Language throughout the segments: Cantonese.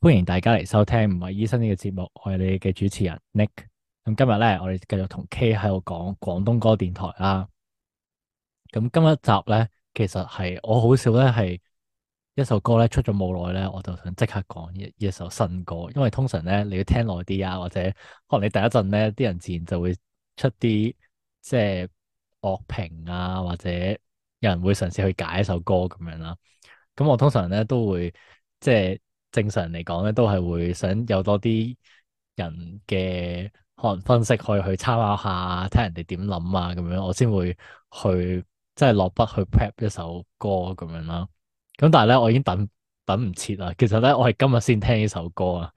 歡迎大家嚟收聽唔係醫生呢個節目，我係你嘅主持人 Nick。咁今日咧，我哋繼續同 K 喺度講廣東歌電台啦。咁今一集咧，其實係我好少咧，係一首歌咧出咗冇耐咧，我就想即刻講呢呢首新歌。因為通常咧，你要聽耐啲啊，或者可能你第一陣咧，啲人自然就會出啲即係樂評啊，或者有人會嘗試去解一首歌咁樣啦。咁我通常咧都會即係。正常嚟講咧，都係會想有多啲人嘅可能分析可以去參考下，聽人哋點諗啊咁樣，我先會去即係落筆去 prep 一首歌咁樣啦。咁但係咧，我已經等等唔切啊。其實咧，我係今日先聽呢首歌啊。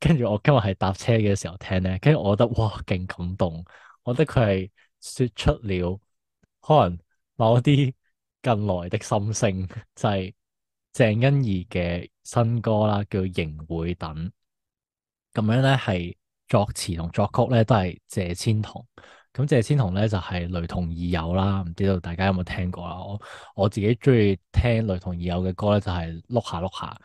跟住我今日係搭車嘅時候聽咧，跟住我覺得哇，勁感動。我覺得佢係說出了可能某啲近來的心聲，就係。鄭欣宜嘅新歌啦，叫仍會等，咁樣咧係作詞同作曲咧都係謝千彤，咁謝千彤咧就係、是、雷同二友啦，唔知道大家有冇聽過啦。我我自己中意聽雷同二友嘅歌咧，就係碌下碌下。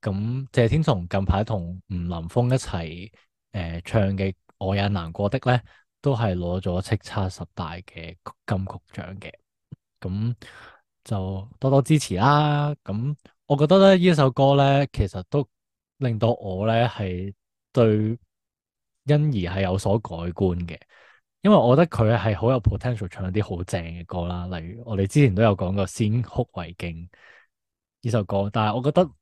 咁謝千彤近排同吳林峰一齊誒、呃、唱嘅我也難過的咧，都係攞咗叱咤十大嘅金曲獎嘅。咁。就多多支持啦！咁，我覺得咧呢首歌咧，其實都令到我咧係對欣宜係有所改觀嘅，因為我覺得佢係好有 potential 唱一啲好正嘅歌啦。例如我哋之前都有講過《先哭為敬》呢首歌，但係我覺得《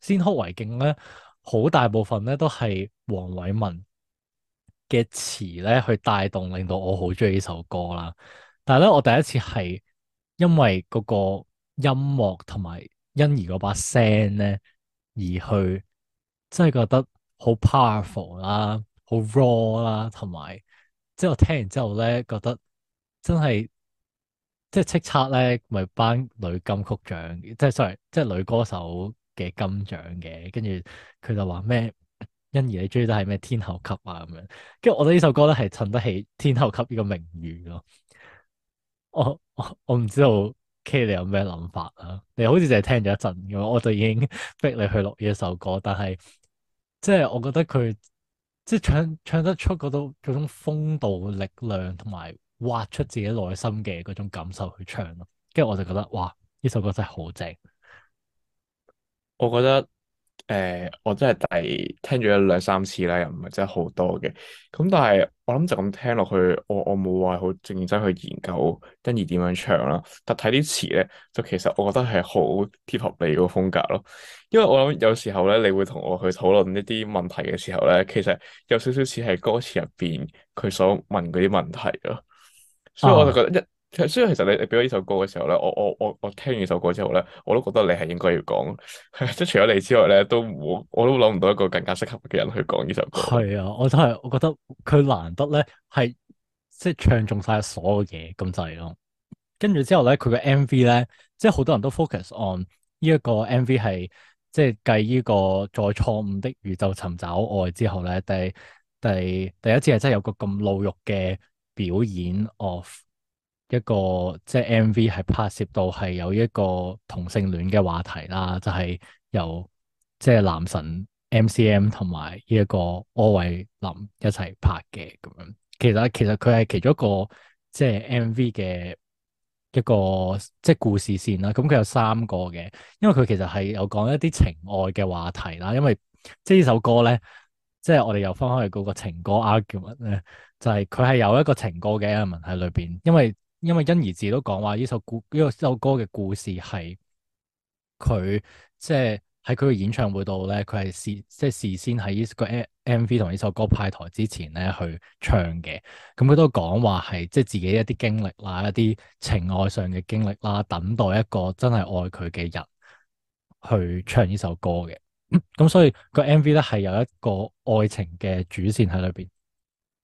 先哭為敬》咧好大部分咧都係黃偉文嘅詞咧去帶動，令到我好中意呢首歌啦。但係咧我第一次係。因為嗰個音樂同埋欣宜嗰把聲咧，而去真係覺得好 powerful 啦，好 raw 啦，同埋即係我聽完之後咧，覺得真係即係叱咤咧，咪班女金曲獎，即係 sorry 即係女歌手嘅金獎嘅，跟住佢就話咩欣宜你中意得係咩天后級啊咁樣，跟住我覺得呢首歌咧係襯得起天后級呢個名譽咯。我我唔知道 K 你有咩諗法啊？你好似淨係聽咗一陣咁，我就已經逼你去錄呢一首歌。但係即係我覺得佢即係唱唱得出嗰種嗰種風度力量，同埋挖出自己內心嘅嗰種感受去唱咯。跟住我就覺得哇，呢首歌真係好正。我覺得。誒、呃，我真係第聽咗兩三次啦，又唔係真係好多嘅，咁但係我諗就咁聽落去，我我冇話好正真去研究跟住點樣唱啦，但睇啲詞咧，就其實我覺得係好貼合你個風格咯，因為我諗有時候咧，你會同我去討論一啲問題嘅時候咧，其實有少少似係歌詞入邊佢所問嗰啲問題咯，啊、所以我就覺得一。所以其實你你俾我呢首歌嘅時候咧，我我我我聽完呢首歌之後咧，我都覺得你係應該要講，即 係除咗你之外咧，都我都諗唔到一個更加適合嘅人去講呢首歌。係啊，我真係，我覺得佢難得咧係即係唱中晒所有嘢咁滯咯。跟住之後咧，佢嘅 MV 咧，即係好多人都 focus on 呢一個 MV 係即係繼呢個在錯誤的宇宙尋找愛之後咧，第第第一次係真係有個咁露肉嘅表演 of。一個即係 MV 係拍攝到係有一個同性戀嘅話題啦，就係、是、由即係男神 MCM 同埋呢一個柯偉林一齊拍嘅咁樣。其實其實佢係其中一個即係 MV 嘅一個即係故事線啦。咁佢有三個嘅，因為佢其實係有講一啲情愛嘅話題啦。因為即係呢首歌咧，即係我哋又翻開嗰個情歌 argument 咧？就係佢係有一個情歌嘅 argument 喺裏邊，因為。因為欣宜自都講話呢首故呢首歌嘅故事係佢即係喺佢嘅演唱會度咧，佢係事即係事先喺呢個 M V 同呢首歌派台之前咧，去唱嘅。咁佢都講話係即係自己一啲經歷啦，一啲情愛上嘅經歷啦，等待一個真係愛佢嘅人去唱呢首歌嘅。咁、嗯、所以個 M V 咧，係有一個愛情嘅主線喺裏邊。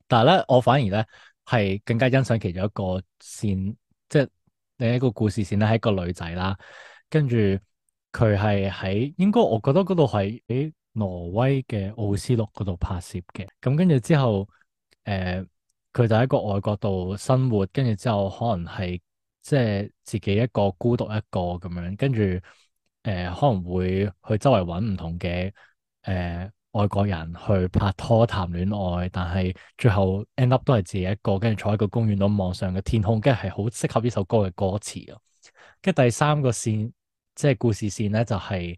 但係咧，我反而咧。係更加欣賞其中一個線，即係另一個故事線啦，係一個女仔啦，跟住佢係喺應該，我覺得嗰度係喺挪威嘅奧斯陸嗰度拍攝嘅。咁跟住之後，誒、呃、佢就喺一個外國度生活，跟住之後可能係即係自己一個孤獨一個咁樣，跟住誒、呃、可能會去周圍揾唔同嘅誒。呃外國人去拍拖談戀愛，但係最後 end up 都係自己一個，跟住坐喺個公園度望上嘅天空，跟住係好適合呢首歌嘅歌詞啊。跟住第三個線，即係故事線咧，就係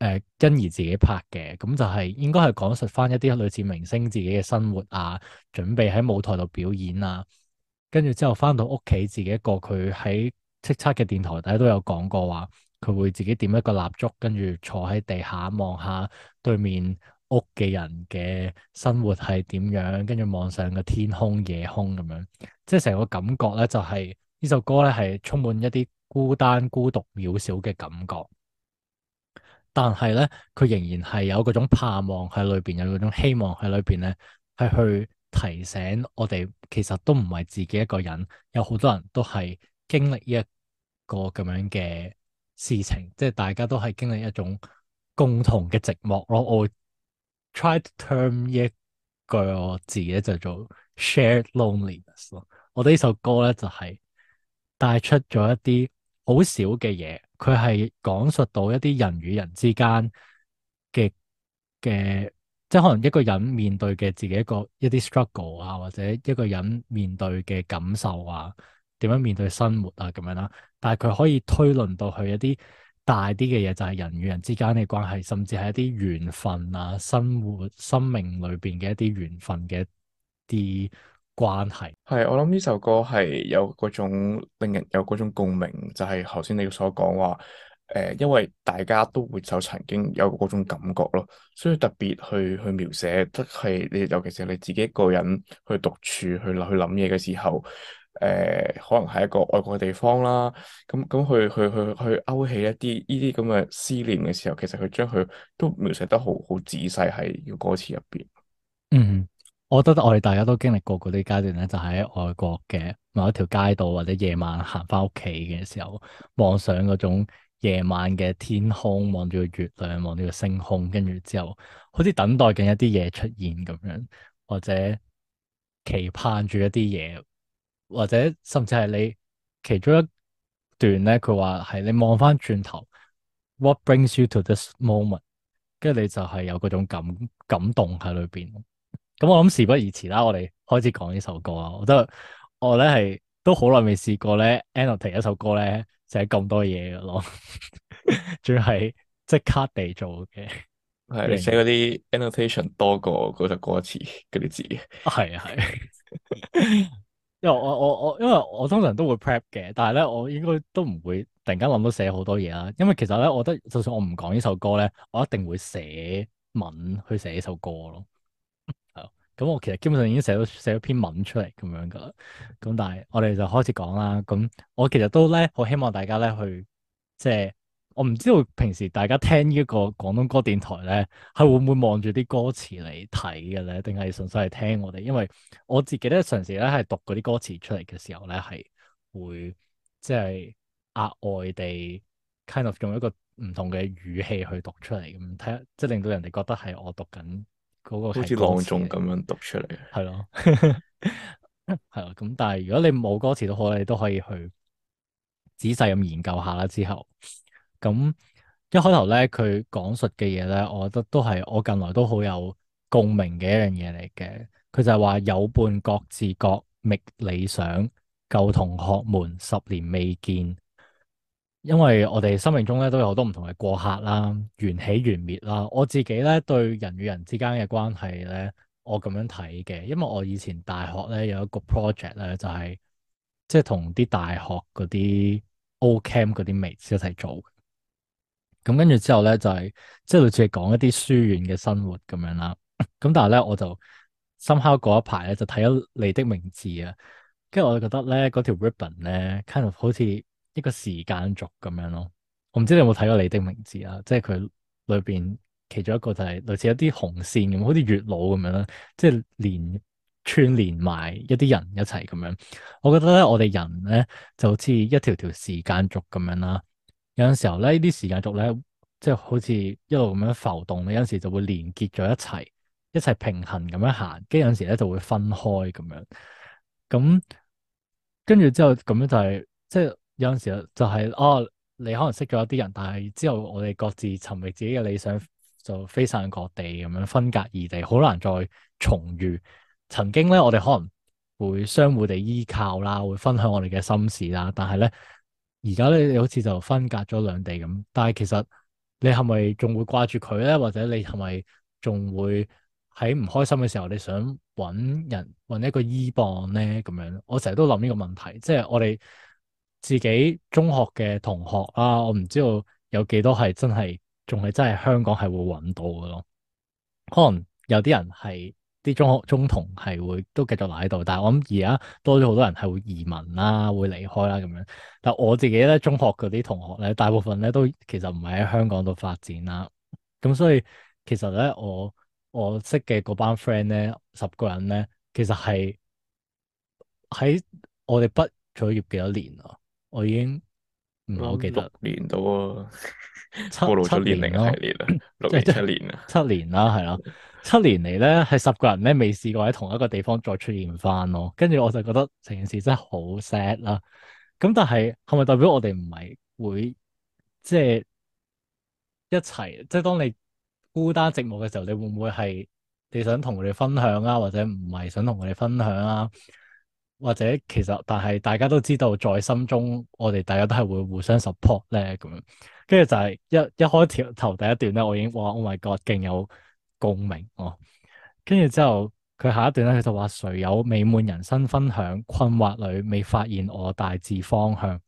誒欣怡自己拍嘅，咁就係、是、應該係講述翻一啲類似明星自己嘅生活啊，準備喺舞台度表演啊，跟住之後翻到屋企自己一個，佢喺叱咤嘅電台底下都有講過話，佢會自己點一個蠟燭，跟住坐喺地下望下對面。屋企人嘅生活係點樣？跟住望上嘅天空、夜空咁樣，即係成個感覺咧、就是，就係呢首歌咧係充滿一啲孤單、孤獨、渺小嘅感覺。但係咧，佢仍然係有嗰種盼望喺裏邊，有嗰種希望喺裏邊咧，係去提醒我哋，其實都唔係自己一個人，有好多人都係經歷一個咁樣嘅事情，即係大家都係經歷一種共同嘅寂寞咯。我。try to term 一句我自己就做 shared loneliness 咯。我覺得呢首歌咧就係、是，帶出咗一啲好少嘅嘢，佢係講述到一啲人與人之間嘅嘅，即係可能一個人面對嘅自己一個一啲 struggle 啊，或者一個人面對嘅感受啊，點樣面對生活啊咁樣啦。但係佢可以推論到佢一啲。大啲嘅嘢就係人與人之間嘅關係，甚至係一啲緣分啊，生活、生命裏邊嘅一啲緣分嘅啲關係。係，我諗呢首歌係有嗰種令人有嗰種共鳴，就係頭先你所講話，誒，因為大家都會就曾經有嗰種感覺咯，所以特別去去描寫，即係你，尤其是你自己一個人去獨處去去諗嘢嘅時候。誒，可能係一個外國嘅地方啦，咁咁去去去去勾起一啲呢啲咁嘅思念嘅時候，其實佢將佢都描寫得好好仔細喺個歌詞入邊。嗯，我覺得我哋大家都經歷過嗰啲階段咧，就喺外國嘅某一條街道，或者夜晚行翻屋企嘅時候，望上嗰種夜晚嘅天空，望住個月亮，望住個星空，跟住之後好似等待緊一啲嘢出現咁樣，或者期盼住一啲嘢。或者甚至係你其中一段咧，佢話係你望翻轉頭，What brings you to this moment？跟住你就係有嗰種感感動喺裏邊。咁、嗯、我諗事不宜遲啦，我哋開始講呢首歌啊！我都我咧係都好耐未試過咧 annotate 一首歌咧寫咁多嘢嘅咯，仲要係即刻地做嘅，而且嗰、嗯、啲來 annotation 多過嗰隻歌詞嗰啲字。係啊係。因為我我我，因為我通常都會 prep 嘅，但係咧我應該都唔會突然間諗到寫好多嘢啦。因為其實咧，我覺得就算我唔講呢首歌咧，我一定會寫文去寫呢首歌咯。係 咁、嗯、我其實基本上已經寫咗寫咗篇文出嚟咁樣噶啦。咁但係我哋就開始講啦。咁我其實都咧好希望大家咧去即係。我唔知道平時大家聽呢一個廣東歌電台咧，係會唔會望住啲歌詞嚟睇嘅咧？定係純粹係聽我哋？因為我自己咧，常時咧係讀嗰啲歌詞出嚟嘅時候咧，係會即係額外地 kind of 用一個唔同嘅語氣去讀出嚟咁睇，即係令到人哋覺得係我讀緊嗰個。好似朗誦咁樣讀出嚟。係咯，係咯。咁但係如果你冇歌詞都好，你都可以去仔細咁研究下啦。之後。咁一開頭咧，佢講述嘅嘢咧，我覺得都係我近來都好有共鳴嘅一樣嘢嚟嘅。佢就係話有伴各自各覓理想，舊同學們十年未見，因為我哋生命中咧都有好多唔同嘅過客啦，緣起緣滅啦。我自己咧對人與人之間嘅關係咧，我咁樣睇嘅，因為我以前大學咧有一個 project 咧，就係即係同啲大學啲 O camp 啲 mates 一齊做。咁跟住之後咧、就是，就係即係類似係講一啲書院嘅生活咁樣啦。咁但係咧，我就深刻嗰一排咧，就睇咗《你的名字》啊。跟住我就覺得咧，嗰條 ribbon 咧，kind of 好、like、似一個時間軸咁樣咯。我唔知你有冇睇過《你的名字》啊？即係佢裏邊其中一個就係、是、類似一啲紅線咁，好似月老咁樣啦，即係連串連埋一啲人一齊咁樣。我覺得咧，我哋人咧就好似一條條時間軸咁樣啦。有陣時候咧，間呢啲時間軸咧，即係好似一路咁樣浮動咧，有陣時就會連結咗一齊，一齊平衡咁樣行，跟住有陣時咧就會分開咁樣。咁跟住之後咁樣就係、是，即係有陣時候就係、是、哦，你可能識咗一啲人，但係之後我哋各自尋覓自己嘅理想，就飛散各地咁樣，分隔異地，好難再重遇。曾經咧，我哋可能會相互地依靠啦，會分享我哋嘅心事啦，但係咧。而家咧，你好似就分隔咗兩地咁，但係其實你係咪仲會掛住佢咧？或者你係咪仲會喺唔開心嘅時候，你想搵人搵一個依傍咧？咁樣，我成日都諗呢個問題，即係我哋自己中學嘅同學啊。我唔知道有幾多係真係仲係真係香港係會搵到嘅咯，可能有啲人係。啲中學中童係會都繼續留喺度，但係我諗而家多咗好多人係會移民啦，會離開啦咁樣。但我自己咧，中學嗰啲同學咧，大部分咧都其實唔係喺香港度發展啦。咁所以其實咧，我我識嘅嗰班 friend 咧，十個人咧，其實係喺我哋畢咗業幾多年咯？我已經唔係好記得、嗯、年到啊，七七年零係 年啊，六年七年啊，七年啦，係咯。 七年嚟咧，係十個人咧未試過喺同一個地方再出現翻咯。跟住我就覺得成件事真係好 sad 啦。咁但係係咪代表我哋唔係會即係一齊？即係當你孤單寂寞嘅時候，你會唔會係你想同佢哋分享啊？或者唔係想同佢哋分享啊？或者其實但係大家都知道，在心中我哋大家都係會互相 support 咧咁樣。跟住就係一一開頭，頭第一段咧，我已經哇 oh my god，勁有！共鳴哦，跟住之後佢下一段咧，佢就話誰有美滿人生，分享困惑裏未發現我大致方向。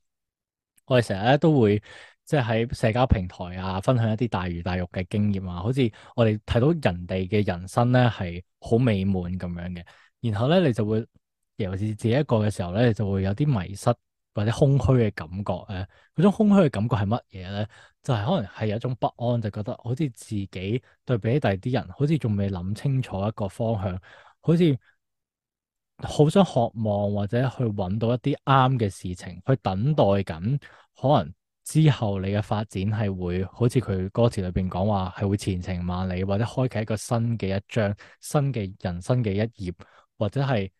我哋成日咧都會即係喺社交平台啊，分享一啲大魚大肉嘅經驗啊，好似我哋睇到人哋嘅人生咧係好美滿咁樣嘅，然後咧你就會尤其是自己一個嘅時候咧，就會有啲迷失。或者空虛嘅感覺，誒，嗰種空虛嘅感覺係乜嘢咧？就係、是、可能係有一種不安，就覺得好似自己對比第啲人，好似仲未諗清楚一個方向，好似好想渴望或者去搵到一啲啱嘅事情，去等待緊，可能之後你嘅發展係會好似佢歌詞裏邊講話係會前程萬里，或者開啟一個新嘅一章、新嘅人生嘅一頁，或者係。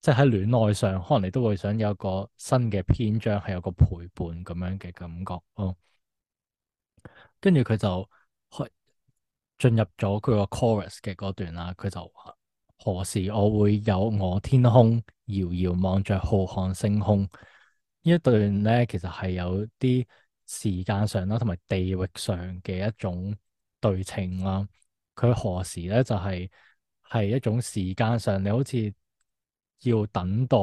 即係喺戀愛上，可能你都會想有個新嘅篇章，係有個陪伴咁樣嘅感覺咯。跟住佢就開進入咗佢個 chorus 嘅嗰段啦，佢就話：何時我會有我天空？遙遙望着浩瀚星空。呢一段咧，其實係有啲時間上啦，同埋地域上嘅一種對稱啦。佢何時咧，就係、係、係一種時間上，你好似。要等待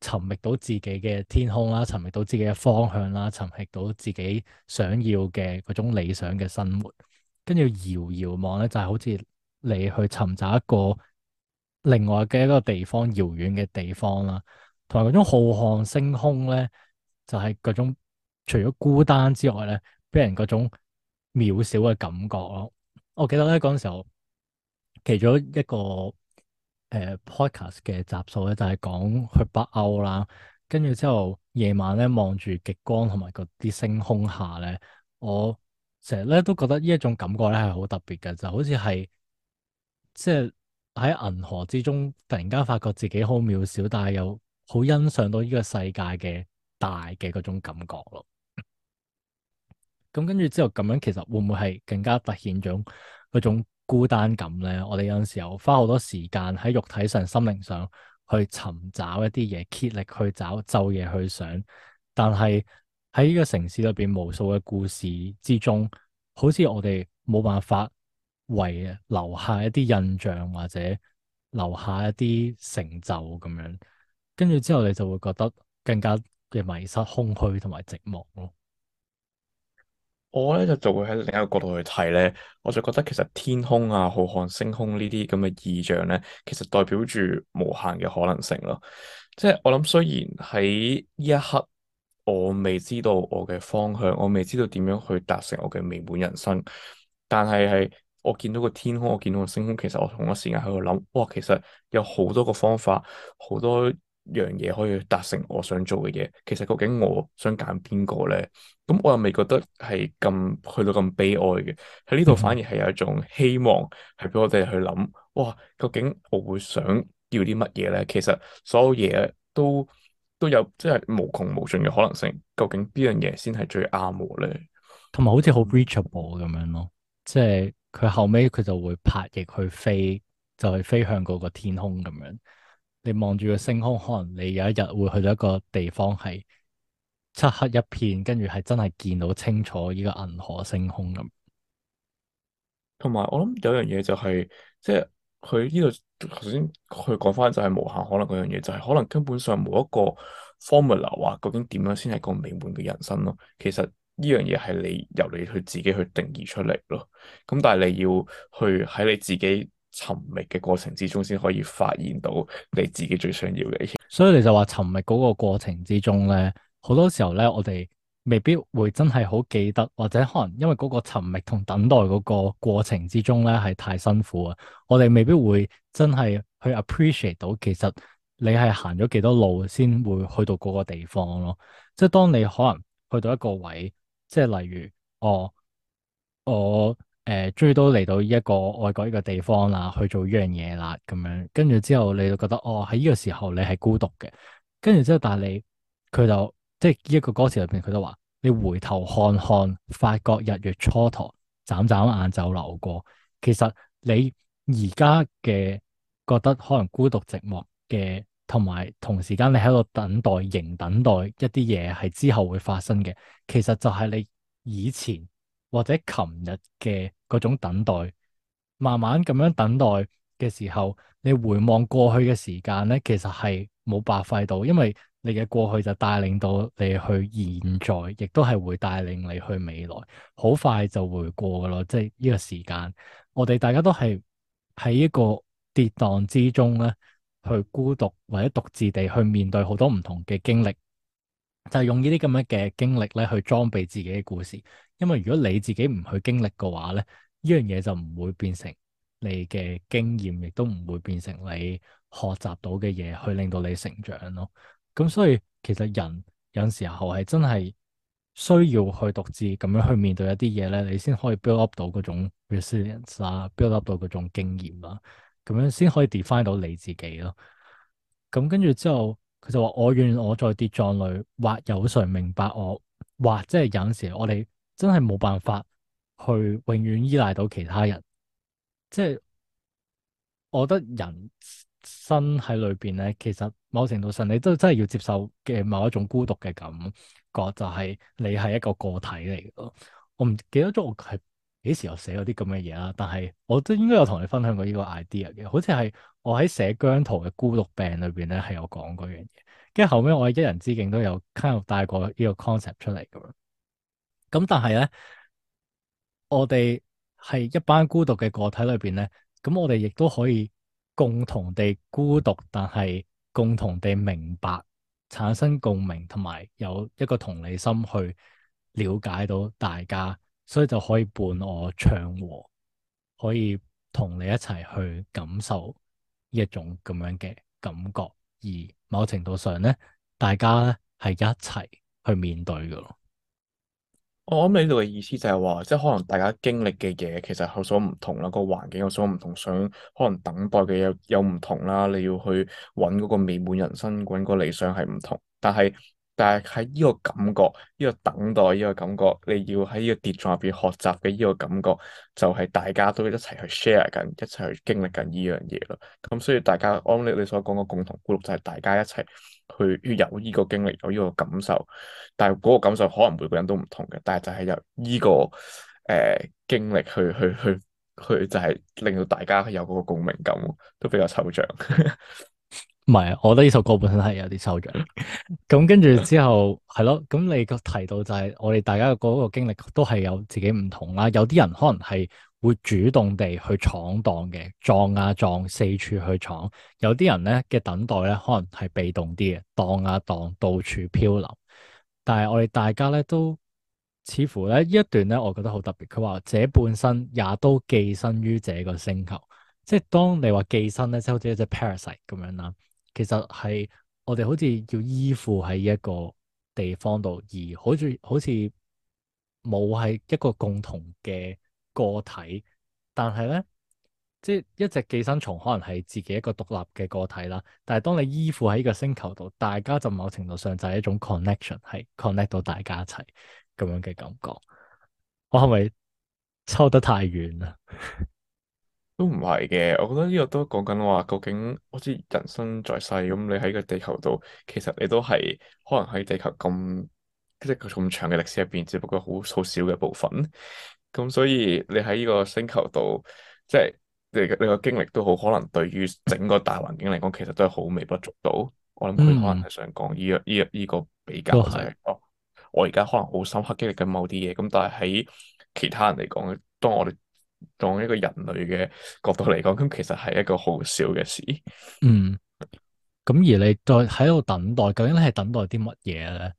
尋覓到自己嘅天空啦，尋覓到自己嘅方向啦，尋覓到自己想要嘅嗰種理想嘅生活，跟住遙遙望咧，就係好似你去尋找一個另外嘅一個地方，遙遠嘅地方啦，同埋嗰種浩瀚星空咧，就係嗰種除咗孤單之外咧，俾人嗰種渺小嘅感覺咯。我記得咧嗰陣時候，其中一個。誒、uh，podcast 嘅集數咧，就係、是、講去北歐啦，跟住之後夜晚咧望住極光同埋嗰啲星空下咧，我成日咧都覺得呢一種感覺咧係好特別嘅，就好似係即係喺銀河之中突然間發覺自己好渺小，但係又好欣賞到呢個世界嘅大嘅嗰種感覺咯。咁跟住之後咁樣，其實會唔會係更加凸顯咗嗰種孤單感咧，我哋有陣時候花好多時間喺肉體上、心靈上去尋找一啲嘢，竭力去找、晝夜去想，但係喺呢個城市裏邊無數嘅故事之中，好似我哋冇辦法遺留下一啲印象或者留下一啲成就咁樣，跟住之後你就會覺得更加嘅迷失、空虛同埋寂寞咯。我咧，就就會喺另一個角度去睇咧，我就覺得其實天空啊、浩瀚星空這這呢啲咁嘅意象咧，其實代表住無限嘅可能性咯。即係我諗，雖然喺呢一刻我未知道我嘅方向，我未知道點樣去達成我嘅美滿人生，但係，係我見到個天空，我見到個星空，其實我同一時間喺度諗，哇，其實有好多個方法，好多。樣嘢可以達成我想做嘅嘢，其實究竟我想揀邊個咧？咁我又未覺得係咁去到咁悲哀嘅，喺呢度反而係有一種希望，係俾我哋去諗，哇！究竟我會想要啲乜嘢咧？其實所有嘢都都有，都有即係無窮無盡嘅可能性。究竟邊樣嘢先係最啱我咧？同埋好似好 reachable 咁樣咯，即係佢後尾，佢就會拍翼去飛，就係飛向嗰個天空咁樣。你望住個星空，可能你有一日會去到一個地方係漆黑一片，跟住係真係見到清楚呢個銀河星空咁。同埋、就是，我諗有樣嘢，就係、是，即係佢呢度頭先佢講翻就係無限可能嗰樣嘢，就係、是、可能根本上冇一個 formula 話，究竟點樣先係個美滿嘅人生咯？其實呢樣嘢係你由你去自己去定義出嚟咯。咁但係你要去喺你自己。尋覓嘅過程之中，先可以發現到你自己最想要嘅嘢。所以你就話尋覓嗰個過程之中咧，好多時候咧，我哋未必會真係好記得，或者可能因為嗰個尋覓同等待嗰個過程之中咧，係太辛苦啊，我哋未必會真係去 appreciate 到，其實你係行咗幾多路先會去到嗰個地方咯。即係當你可能去到一個位，即係例如我、哦、我。誒，終於都嚟到一個外國一個地方啦，去做一樣嘢啦，咁樣跟住之後，你就覺得哦，喺呢個時候你係孤獨嘅。跟住之後，但係你佢就即係呢一個歌詞入邊，佢都話，你回頭看看，發覺日月蹉跎，眨眨眼就流過。其實你而家嘅覺得可能孤獨寂寂寞嘅，同埋同時間你喺度等待，仍等待一啲嘢係之後會發生嘅。其實就係你以前或者琴日嘅。嗰種等待，慢慢咁樣等待嘅時候，你回望過去嘅時間呢，其實係冇白費到，因為你嘅過去就帶領到你去現在，亦都係會帶領你去未來。好快就會過噶咯，即係呢個時間，我哋大家都係喺一個跌宕之中呢，去孤獨或者獨自地去面對好多唔同嘅經歷，就係用呢啲咁樣嘅經歷呢，去裝備自己嘅故事。因為如果你自己唔去經歷嘅話咧，呢樣嘢就唔會變成你嘅經驗，亦都唔會變成你學習到嘅嘢去令到你成長咯。咁所以其實人有時候係真係需要去獨自咁樣去面對一啲嘢咧，你先可以 build up 到嗰種 resilience 啦，build up 到嗰種經驗啦，咁樣先可以 define 到你自己咯。咁跟住之後，佢就話：我願意我再跌撞裏，或有誰明白我，或即係有陣時我哋。真係冇辦法去永遠依賴到其他人，即係我覺得人生喺裏邊咧，其實某程度上你都真係要接受嘅某一種孤獨嘅感覺，就係、是、你係一個個體嚟嘅咯。我唔記得咗我係幾時有寫嗰啲咁嘅嘢啦，但係我都應該有同你分享過呢個 idea 嘅，好似係我喺寫姜濤嘅孤獨病裏邊咧，係有講嗰樣嘢，跟住後尾我喺一人之境都有加入帶過呢個 concept 出嚟咁樣。咁但係咧，我哋係一班孤獨嘅個體裏邊咧，咁我哋亦都可以共同地孤獨，但係共同地明白，產生共鳴，同埋有一個同理心去了解到大家，所以就可以伴我唱和，可以同你一齊去感受一種咁樣嘅感覺，而某程度上咧，大家咧係一齊去面對噶咯。我諗你度嘅意思就係話，即係可能大家經歷嘅嘢其實有所唔同啦，個環境有所唔同，想可能等待嘅嘢有唔同啦，你要去揾嗰個美滿人生，揾個理想係唔同。但係但係喺呢個感覺，呢、呢個等待，呢個感覺，你要喺呢個跌撞入邊學習嘅呢個感覺，就係、係、大家都一齊去 share 緊，一齊去經歷緊呢樣嘢咯。咁所以大家我諗你你所講嘅共同孤獨就係大家一齊。去要有呢個經歷，有呢個感受，但係嗰個感受可能每個人都唔同嘅，但係就係由呢個誒經歷去去去去，就係令到大家有嗰個共鳴感，都比較抽象。唔係啊，我覺得呢首歌本身係有啲抽象。咁跟住之後係咯，咁你個提到就係我哋大家嘅嗰個經歷都係有自己唔同啦，有啲人可能係。會主動地去闖蕩嘅，撞啊撞，四處去闖。有啲人咧嘅等待咧，可能係被動啲嘅，蕩啊蕩，到處漂流。但係我哋大家咧都，似乎咧呢一段咧，我覺得好特別。佢話，這半生也都寄身於這個星球，即係當你話寄身咧，即係好似一隻 parasite 咁樣啦。其實係我哋好似要依附喺一個地方度，而好似好似冇係一個共同嘅。個體，但係咧，即係一隻寄生蟲可能係自己一個獨立嘅個體啦。但係當你依附喺依個星球度，大家就某程度上就係一種 connection，係 connect 到大家一齊咁樣嘅感覺。我係咪抽得太遠啦？都唔係嘅，我覺得呢個都講緊話，究竟好似人生在世咁，你喺個地球度，其實你都係可能喺地球咁即係咁長嘅歷史入邊，只不過好好少嘅部分。咁所以你喺呢個星球度，即係你你個經歷都好可能，對於整個大環境嚟講，其實都係好微不足道。我諗佢可能係想講呢個呢個呢個比較就係哦，我而家可能好深刻經歷緊某啲嘢，咁但係喺其他人嚟講，當我哋當一個人類嘅角度嚟講，咁其實係一個好少嘅事。嗯，咁而你再喺度等待，究竟你係等待啲乜嘢咧？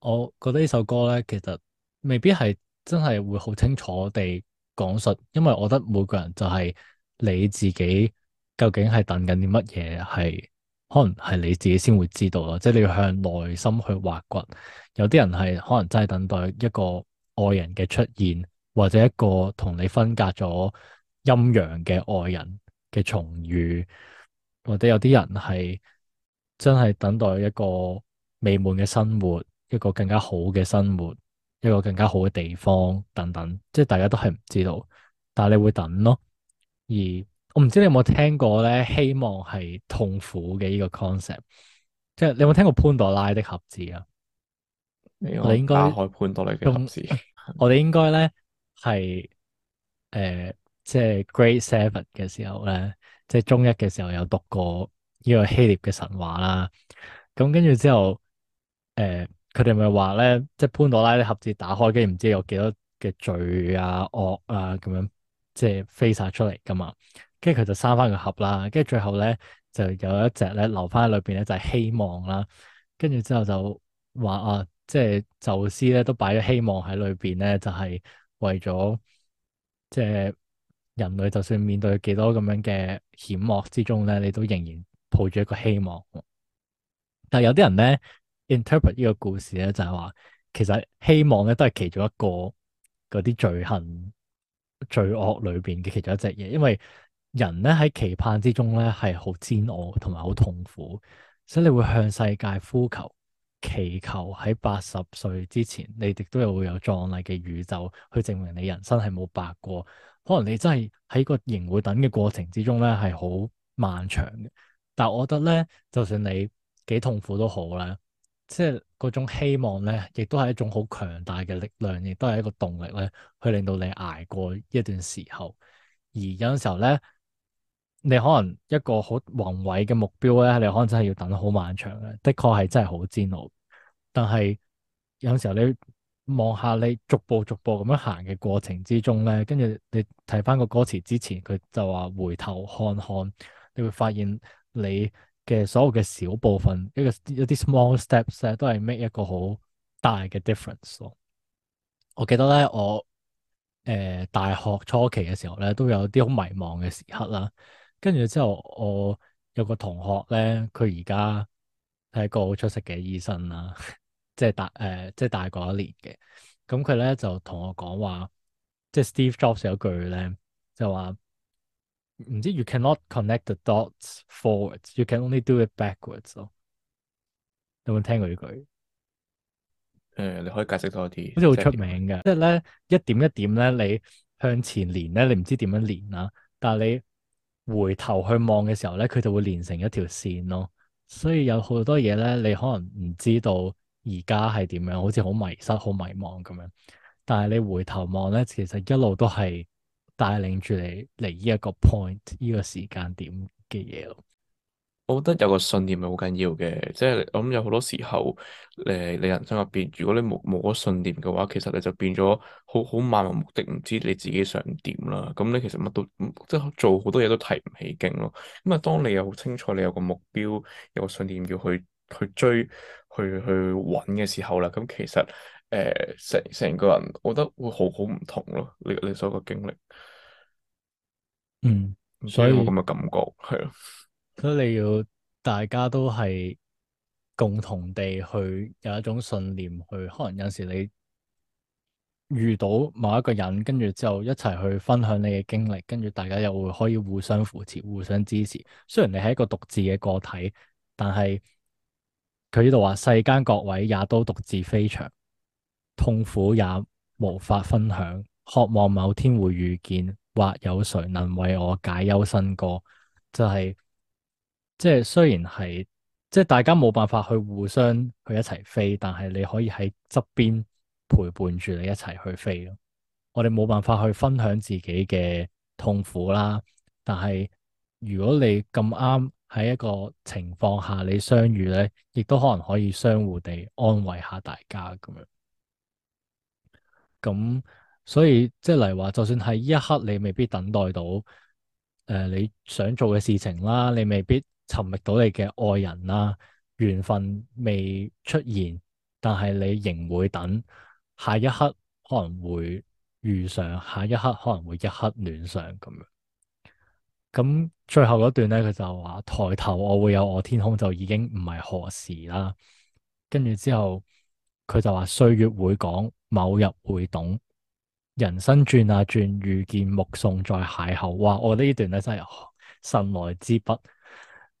我覺得呢首歌咧，其實未必係。真係會好清楚地講述，因為我覺得每個人就係你自己究竟係等緊啲乜嘢，係可能係你自己先會知道咯。即係你要向內心去挖掘。有啲人係可能真係等待一個愛人嘅出現，或者一個同你分隔咗陰陽嘅愛人嘅重遇，或者有啲人係真係等待一個美滿嘅生活，一個更加好嘅生活。一個更加好嘅地方，等等，即係大家都係唔知道，但係你會等咯。而我唔知你有冇聽過咧，希望係痛苦嘅呢個 concept，即係你有冇聽過潘多拉的盒子啊？你有冇打開潘多拉嘅盒子。我哋應該咧係誒，即係 Grade Seven 嘅時候咧，即係中一嘅時候有讀過呢個希臘嘅神話啦。咁跟住之後，誒、呃。佢哋咪話咧，即係潘多拉啲盒子打開，跟住唔知有幾多嘅罪啊、惡啊咁樣，即係飛晒出嚟噶嘛。跟住佢就閂翻個盒啦。跟住最後咧，就有一隻咧留翻喺裏邊咧，就係希望啦。跟住之後就話啊，即係宙斯咧都擺咗希望喺裏邊咧，就係為咗即係人類，就算面對幾多咁樣嘅險惡之中咧，你都仍然抱住一個希望。但係有啲人咧。Interpret 呢個故事咧，就係話，其實希望咧都係其中一個嗰啲罪行，罪惡裏邊嘅其中一隻嘢。因為人咧喺期盼之中咧係好煎熬，同埋好痛苦，所以你會向世界呼求，祈求。喺八十歲之前，你亦都係會有壯麗嘅宇宙去證明你人生係冇白過。可能你真係喺個仍會等嘅過程之中咧係好漫長嘅。但係我覺得咧，就算你幾痛苦都好咧。即係嗰種希望咧，亦都係一種好強大嘅力量，亦都係一個動力咧，去令到你捱過一段時候。而有陣時候咧，你可能一個好宏偉嘅目標咧，你可能真係要等好漫長嘅，的確係真係好煎熬。但係有陣時候你望下你逐步逐步咁樣行嘅過程之中咧，跟住你睇返個歌詞之前，佢就話回頭看看，你會發現你。嘅所有嘅小部分，一個有啲 small steps 咧，都係 make 一個好大嘅 difference 咯。我記得咧，我誒、呃、大學初期嘅時候咧，都有啲好迷茫嘅時刻啦。跟住之後，我有個同學咧，佢而家係一個好出色嘅醫生啦， 即係大誒、呃，即係大過一年嘅。咁佢咧就同我講話，即係 Steve Jobs 有句咧，就話。唔知，you cannot connect the dots forwards，you can only do it backwards。咯，有冇聽過呢句？誒，你可以解釋多啲。好似好出名嘅，即係咧一點一點咧，你向前連咧，你唔知點樣連啦。但係你回頭去望嘅時候咧，佢就會連成一條線咯。所以有好多嘢咧，你可能唔知道而家係點樣，好似好迷失、好迷茫咁樣。但係你回頭望咧，其實一路都係，帶領住你嚟呢一個 point，呢個時間點嘅嘢咯。我覺得有個信念係好緊要嘅，即係我諗有好多時候，誒，你，你人生入邊，如果你冇冇咗信念嘅話，其實你就變咗好好漫無目的，唔知你自己想點啦。咁你其實乜都即係做好多嘢都提唔起勁咯。咁啊，當你又好清楚你有個目標，有個信念要去去追去去揾嘅時候啦，咁其實～誒，成成、呃、個人，我覺得會好好唔同咯。你你所有嘅經歷，嗯，所以我咁嘅感覺係咯。所以你要大家都係共同地去有一種信念去，可能有時你遇到某一個人，跟住之後一齊去分享你嘅經歷，跟住大家又會可以互相扶持、互相支持。雖然你係一個獨自嘅個體，但係佢呢度話世間各位也都獨自飛翔。痛苦也無法分享，渴望某天會遇見，或有誰能為我解憂。新歌就係即係雖然係即係大家冇辦法去互相去一齊飛，但係你可以喺側邊陪伴住你一齊去飛咯。我哋冇辦法去分享自己嘅痛苦啦，但係如果你咁啱喺一個情況下你相遇呢，亦都可能可以相互地安慰下大家咁樣。咁所以即係嚟話，就算喺一刻你未必等待到誒、呃、你想做嘅事情啦，你未必尋覓到你嘅愛人啦，緣分未出現，但係你仍會等下一刻，可能會遇上，下一刻可能會一刻戀上咁樣。咁最後嗰段咧，佢就話抬頭，我會有我天空就已經唔係何時啦。跟住之後，佢就話歲月會講。某日會懂，人生轉啊轉，遇見目送在邂逅。哇！我覺得段呢段咧真係神來之筆。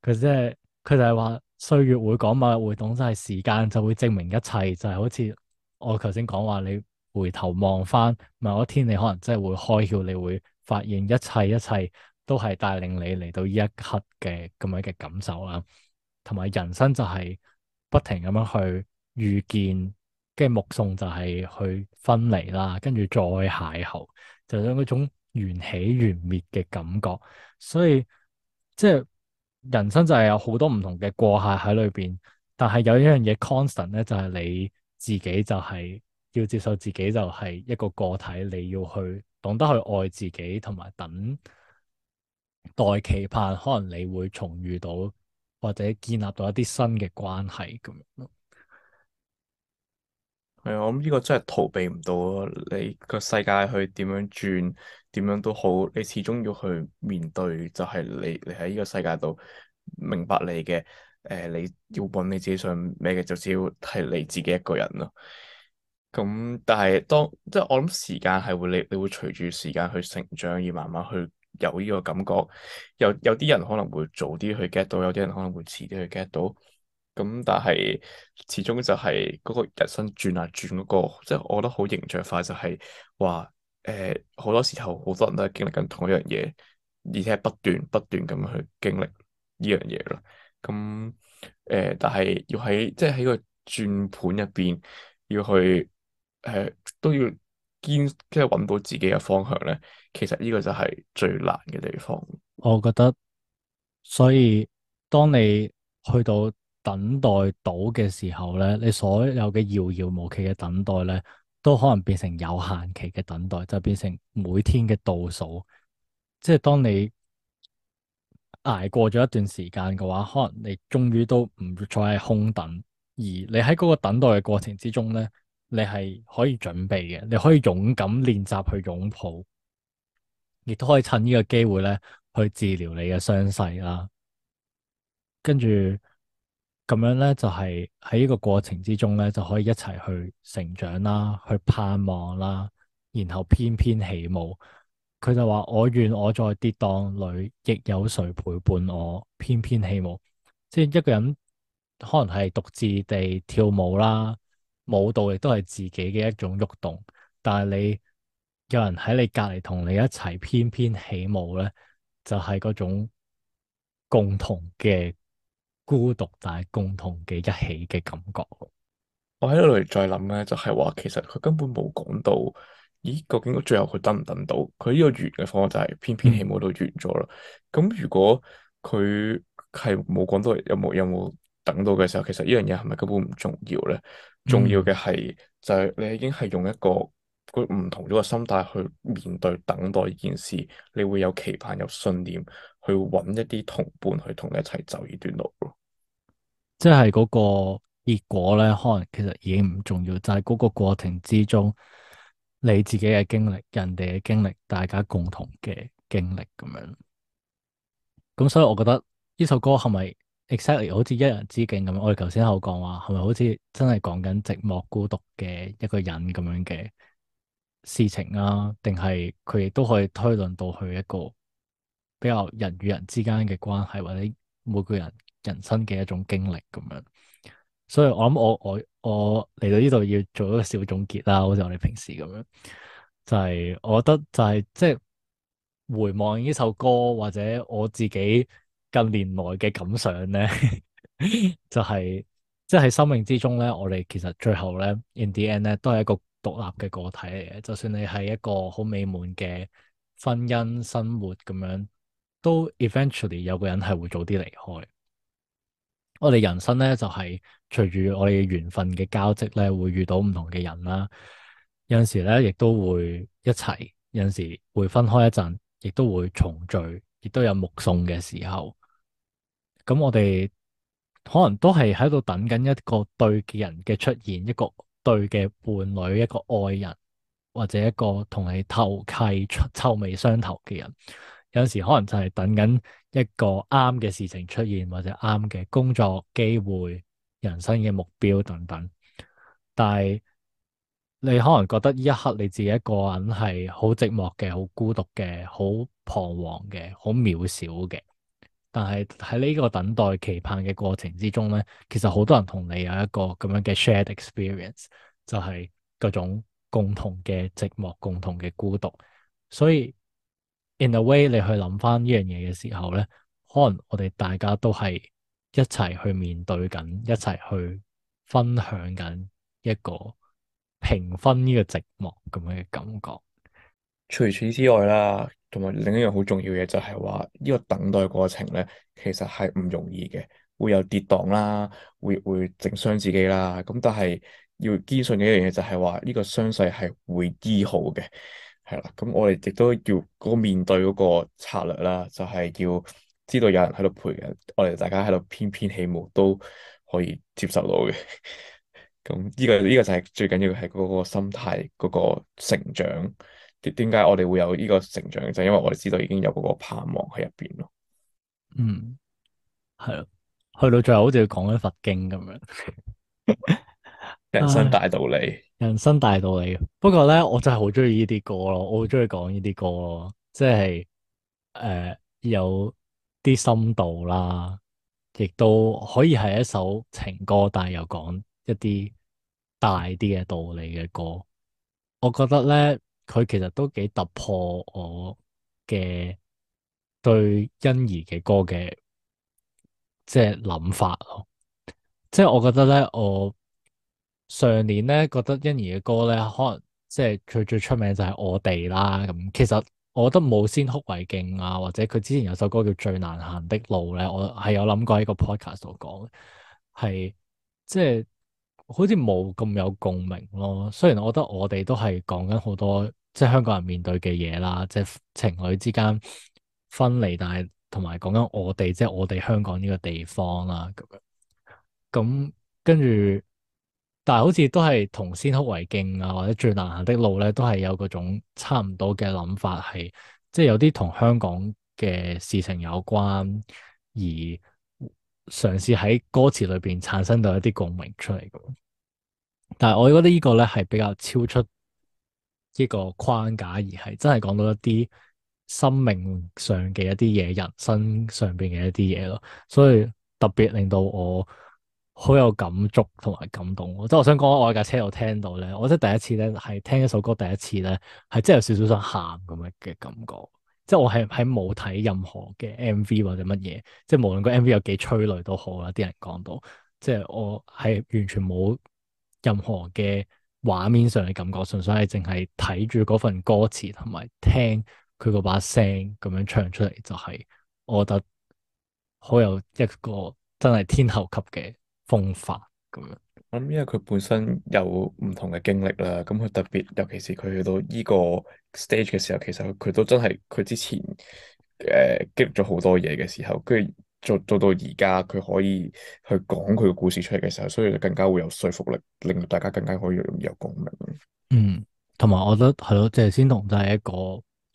佢即係佢就係、是、話歲月會講，某日會懂，真係時間就會證明一切。就係、是、好似我頭先講話，你回頭望翻某一天，你可能真係會開竅，你會發現一切一切都係帶領你嚟到呢一刻嘅咁樣嘅感受啦。同埋人生就係不停咁樣去遇見。跟目送就係去分離啦，跟住再邂逅，就有嗰種緣起緣滅嘅感覺。所以即係人生就係有好多唔同嘅過客喺裏邊，但係有一樣嘢 constant 咧，就係你自己就係要接受自己就係一個個體，你要去懂得去愛自己，同埋等待期盼，可能你會重遇到或者建立到一啲新嘅關係咁樣咯。係啊，我諗呢個真係逃避唔到咯。你個世界去點樣轉，點樣都好，你始終要去面對，就係、是、你你喺呢個世界度明白你嘅誒、呃，你要搵你自己想咩嘅，就只要係你自己一個人咯。咁但係當即係、就是、我諗時間係會你你會隨住時間去成長，而慢慢去有呢個感覺。有有啲人可能會早啲去 get 到，有啲人可能會遲啲去 get 到。咁但係始終就係嗰個人生轉啊轉嗰、那個，即、就、係、是、我覺得好形象化，就係話誒好多時候好多人都係經歷緊同一樣嘢，而且係不斷不斷咁去經歷呢樣嘢咯。咁、嗯、誒、呃，但係要喺即係喺個轉盤入邊要去誒、呃、都要堅即係揾到自己嘅方向咧。其實呢個就係最難嘅地方。我覺得，所以當你去到等待到嘅時候咧，你所有嘅遙遙無期嘅等待咧，都可能變成有限期嘅等待，就變成每天嘅倒數。即係當你捱過咗一段時間嘅話，可能你終於都唔再係空等。而你喺嗰個等待嘅過程之中咧，你係可以準備嘅，你可以勇敢練習去擁抱，亦都可以趁呢個機會咧去治療你嘅傷勢啦。跟住。咁樣咧，就係喺呢個過程之中咧，就可以一齊去成長啦，去盼望啦，然後翩翩起舞。佢就話：我願我在跌宕裏，亦有誰陪伴我翩翩起舞。即係一個人可能係獨自地跳舞啦，舞蹈亦都係自己嘅一種喐動。但係你有人喺你隔籬同你一齊翩翩起舞咧，就係嗰種共同嘅。孤獨就係共同嘅、一起嘅感覺。我喺度嚟再諗咧，就係、是、話其實佢根本冇講到，咦？究竟最後佢等唔等到？佢呢個完嘅方法就係偏偏起舞都完咗啦。咁、嗯、如果佢係冇講到有冇有冇等到嘅時候，其實呢樣嘢係咪根本唔重要咧？重要嘅係、嗯、就係你已經係用一個個唔同咗嘅心態去面對等待呢件事，你會有期盼，有信念。去揾一啲同伴去同你一齊走呢段路咯，即係嗰個結果咧，可能其實已經唔重要，就係嗰個過程之中，你自己嘅經歷、人哋嘅經歷、大家共同嘅經歷咁樣。咁所以我覺得呢首歌係咪 exactly 好似一人之境咁樣？我哋頭先有講話係咪好似真係講緊寂寞孤獨嘅一個人咁樣嘅事情啊？定係佢亦都可以推論到去一個。比較人與人之間嘅關係，或者每個人人生嘅一種經歷咁樣，所以我諗我我我嚟到呢度要做一個小總結啦，好似我哋平時咁樣，就係、是、我覺得就係即係回望呢首歌或者我自己近年來嘅感想咧、 就是，就係即係喺生命之中咧，我哋其實最後咧，in the end 咧，都係一個獨立嘅個體嚟嘅，就算你係一個好美滿嘅婚姻生活咁樣。都 eventually 有個人係會早啲離開。我哋人生咧就係隨住我哋嘅緣分嘅交織咧，會遇到唔同嘅人啦。有陣時咧亦都會一齊，有陣時會分開一陣，亦都會重聚，亦都有目送嘅時候。咁我哋可能都係喺度等緊一個對嘅人嘅出現，一個對嘅伴侶，一個愛人，或者一個同你投契、臭味相投嘅人。有陣時可能就係等緊一個啱嘅事情出現，或者啱嘅工作機會、人生嘅目標等等。但係你可能覺得呢一刻你自己一個人係好寂寞嘅、好孤獨嘅、好彷徨嘅、好渺小嘅。但係喺呢個等待、期盼嘅過程之中咧，其實好多人同你有一個咁樣嘅 shared experience，就係嗰種共同嘅寂寞、共同嘅孤獨。所以。In a way，你去諗翻呢樣嘢嘅時候咧，可能我哋大家都係一齊去面對緊，一齊去分享緊一個平分呢個寂寞咁樣嘅感覺。除此之外啦，同埋另一樣好重要嘅就係話，呢個等待過程咧，其實係唔容易嘅，會有跌宕啦，會會整傷自己啦。咁但係要堅信嘅一樣嘢就係話，呢個傷勢係會醫好嘅。係啦，咁我哋亦都要嗰個面對嗰個策略啦，就係、是、要知道有人喺度陪嘅，我哋大家喺度翩翩起舞都可以接受到嘅。咁 呢、這個依、這個就係最緊要係嗰個心態嗰、那個成長。點點解我哋會有呢個成長？就是、因為我哋知道已經有嗰個盼望喺入邊咯。嗯，係啊，去到最後好似要講緊佛經咁樣。 人生大道理，人生大道理。不過咧，我真係好中意呢啲歌咯，我好中意講呢啲歌咯，即係誒、呃、有啲深度啦，亦都可以係一首情歌，但係又講一啲大啲嘅道理嘅歌。我覺得咧，佢其實都幾突破我嘅、對欣宜嘅歌嘅即係諗法咯。即係我覺得咧，我上年咧，覺得欣宜嘅歌咧，可能即係佢最出名就係我哋啦。咁其實我覺得冇先哭為敬啊，或者佢之前有首歌叫最難行的路咧，我係有諗過喺個 podcast 度講，係即係好似冇咁有共鳴咯。雖然我覺得我哋都係講緊好多即係香港人面對嘅嘢啦，即係情侶之間分離，但係同埋講緊我哋即係我哋香港呢個地方啦咁樣。咁跟住。但係好似都係同先哭為敬啊，或者最難行的路咧，都係有嗰種差唔多嘅諗法，係即係有啲同香港嘅事情有關，而嘗試喺歌詞裏邊產生到一啲共鳴出嚟嘅。但係我覺得個呢個咧係比較超出呢個框架，而係真係講到一啲生命上嘅一啲嘢，人生上邊嘅一啲嘢咯。所以特別令到我。好有感觸同埋感動。我即係我想講，我喺架車度聽到咧，我即係第一次咧，係聽一首歌，第一次咧係真係有少少想喊咁嘅感覺。即係我係喺冇睇任何嘅 MV 或者乜嘢，即係無論個 MV 有幾催淚都好啦。啲人講到，即係我係完全冇任何嘅畫面上嘅感覺，純粹係淨係睇住嗰份歌詞同埋聽佢嗰把聲咁樣唱出嚟，就係我覺得好有一個真係天后級嘅。風化，咁樣，我諗因為佢本身有唔同嘅經歷啦，咁佢特別，尤其是佢去到呢個 stage 嘅時候，其實佢都真係佢之前誒積累咗好多嘢嘅時候，跟住做做到而家，佢可以去講佢嘅故事出嚟嘅時候，所以就更加會有說服力，令到大家更加可以容易有共鳴。嗯，同埋我覺得係咯，即係先同就係一個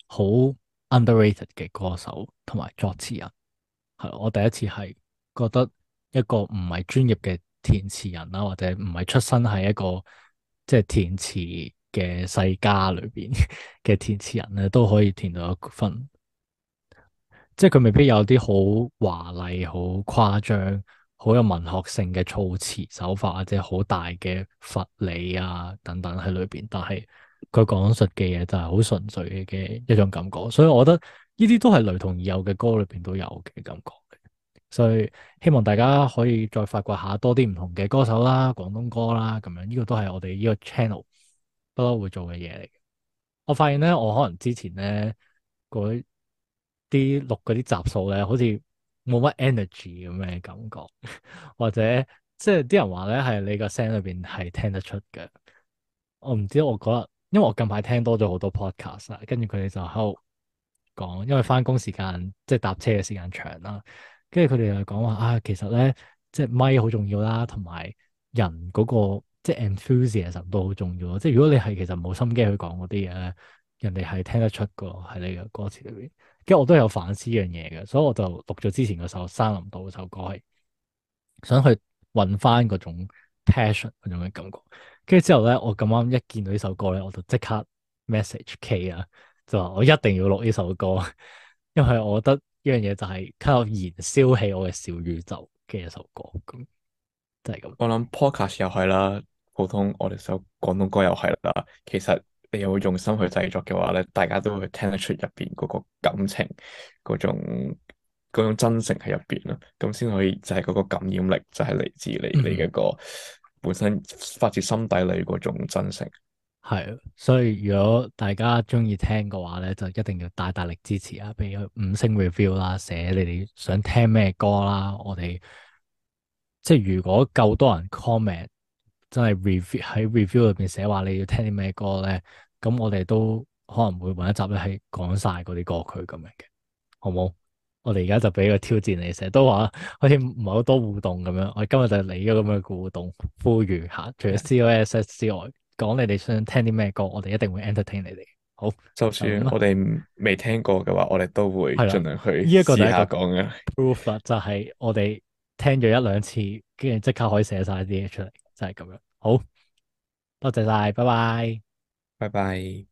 好 under-rated 嘅歌手同埋作詞人，係我第一次係覺得。一個唔係專業嘅填詞人啦，或者唔係出身喺一個即係填詞嘅世家裏邊嘅填詞人咧，都可以填到一分。即係佢未必有啲好華麗、好誇張、好有文學性嘅措辭手法，或者好大嘅佛理啊等等喺裏邊。但係佢講述嘅嘢就係好純粹嘅一種感覺，所以我覺得呢啲都係雷同已有嘅歌裏邊都有嘅感覺。所以希望大家可以再發掘下多啲唔同嘅歌手啦、廣東歌啦，咁樣呢、這個都係我哋呢個 channel 不嬲會做嘅嘢嚟。我發現咧，我可能之前咧嗰啲錄嗰啲集數咧，好似冇乜 energy 咁嘅感覺， 或者即係啲人話咧，係你個聲裏邊係聽得出嘅。我唔知，我覺得因為我近排聽多咗好多 podcast，跟住佢哋就喺度講，因為翻工時間即係搭車嘅時間長啦。跟住佢哋又講話啊，其實咧，即係咪好重要啦、啊，同埋人嗰、嗰個即係 enthusiasm 都好重要咯。即係如果你係其實冇心機去講嗰啲嘢咧，人哋係聽得出個喺你嘅歌詞裏邊。跟住我都有反思一樣嘢嘅，所以我就錄咗之前嗰首《山林道》嗰首歌，係想去揾翻嗰種 passion 嗰種嘅感覺。跟住之後咧，我咁啱一見到呢首歌咧，我就即刻 message K 啊，就話我一定要錄呢首歌，因為我覺得。呢樣嘢就係靠燃燒起我嘅小宇宙嘅一首歌，咁就係咁。我諗 Podcast 又係啦，普通我哋首廣東歌又係啦。其實你有用心去製作嘅話咧，大家都會聽得出入邊嗰個感情、嗰種、嗰種真情喺入邊啦。咁先可以就係嗰個感染力，就係嚟自你、嗯、你嘅個本身發自心底裏嗰種真情。係，所以如果大家中意聽嘅話咧，就一定要大大力支持啊！譬如五星 review 啦，寫你哋想聽咩歌啦，我哋即係如果夠多人 comment，真係 review 喺 review 裏邊寫話你要聽啲咩歌咧，咁我哋都可能會揾一集咧，係講晒嗰啲歌曲咁樣嘅，好冇？我哋而家就俾個挑戰你，成日都話好似唔係好多互動咁樣，我哋今日就嚟咗咁嘅互動，呼籲下，除咗 COS 之外。講你哋想聽啲咩歌，我哋一定會 entertain 你哋。好，就算我哋未聽過嘅話， 我哋都會盡量去試一下講嘅。呢一個、proof 就係我哋聽咗一兩次，跟住即刻可以寫晒啲嘢出嚟，就係、是、咁樣。好多謝晒，拜拜，拜拜。